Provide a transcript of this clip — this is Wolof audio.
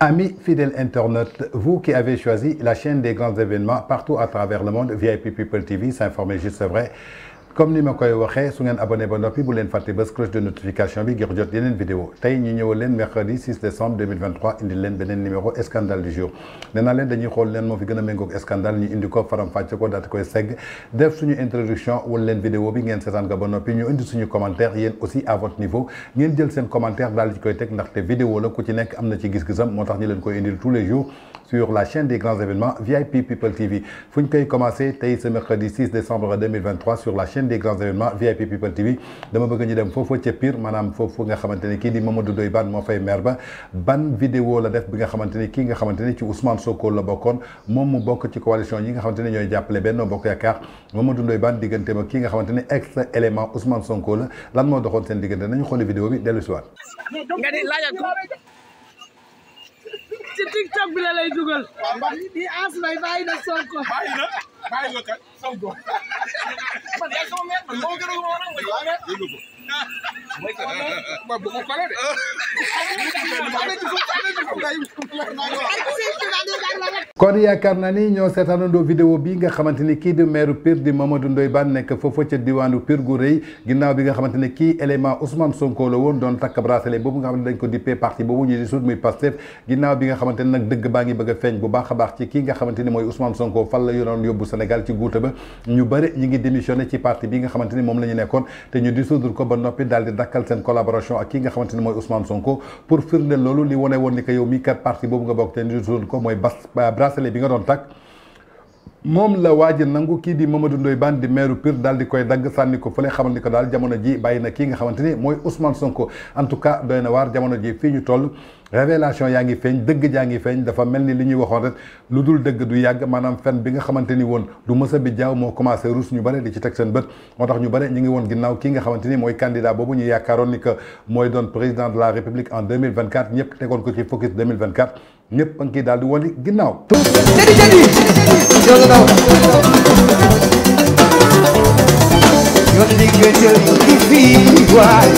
Amis fidèles internautes, vous qui avez choisi la chaîne des grands événements partout à travers le monde, VIP People TV, s'informer juste vrai, comme ni ma koy su ngeen abonné ba noppi bu len faté ba cloche de notification bi ngir jot yeneen vidéo tay ñu ñëw leen mercredi 6 décembre 2023 indi leen benen numéro scandale du jour nee naa leen dañuy xol leen mo fi gëna a méngoog scandale ñu indi ko faram-fàcce ko daal koy ségg def suñu introduction wala leen vidéo bi ngeen seetaan ko ba noppi ñu indi suñu commentaire yeen aussi à votre niveau ngeen jël seen commentaire dal di koy tek ndax té vidéo la ku ci nekk amna ci gis-gisam moo tax ñu leen koy indi tous les jours sur la chaîne des grands événements VIP People TV fu commencé tey ce mercredi 6 décembre 2023 sur la chaîne des grands événements VIP People TV dama bëgg ñu dem foofu ca Pire maanaam foofu nga xamante ne kii Mamadou Ndoye Bane fay ban vidéo la def bi nga xamante ne nga xamante ci Ousmane Sonko la bokkoon moom mu bokk ci coalition yi nga xamante ne ñooy jàppale Benno Bokk Yaakaar Mamadou éléments Bane diggante nga xamante élément Ousmane Sonko la lan moo doxoon seen diggante nañu vidéo bi le soir. ci TikTok bi la lay dugal. di as na Sonko. bàyyi na bàyyi na kat Sonko. man yaa sama mère man moo gën a ma war a wéy. waaw waaw dégg nga ko. waaw bu kon yaakaar naa ni ñoo seetaanandoo vidéo bi nga xamante ni kii di maire Pire di Mamadou Ndoye Bane nekk foofa ca diwaanu Pire gu rëy ginnaaw bi nga xamante kii élément Ousmane Sonko la woon doon takk bracelet boobu nga xam ne ko dippee parti boobu nga xamante a feeñ a baax ci kii moom la ñu nekkoon te ñu dissoudre ko ba noppi daal di dakkal seen collaboration ak kii nga xamante mooy Ousmane Sonko pour firndeel loolu li wane woon ni yow mii kat parti bracelet bi nga doon takk moom la waji ji nangu kii di Mamadou Ndoye Bane di maire Pire dal di koy dagg sànni ko fële xamal ni ko dal jamono ji bayina ki nga xamanteni moy Ousmane Sonko en tout cas doy war jamono ji fiñu toll révélation yaangi feñ deug jaangi feñ dafa melni ni li ñuy waxoon rek lu dul du yag manam fen bi nga xamanteni won du mësa bi jaw mo commencé ruus ñu bare di ci tek sen beut motax ñu bare ñi ngi won ginnaw ki nga xamanteni moy candidat bobu ñu yakaron ni que moy doon président de la république en 2024 ñëpp tegoon ko ci focus 2024 ñëpp a ngi daal di wali ginnaaw. jadi jadi jooju daw yoon liggéey jëli fii waay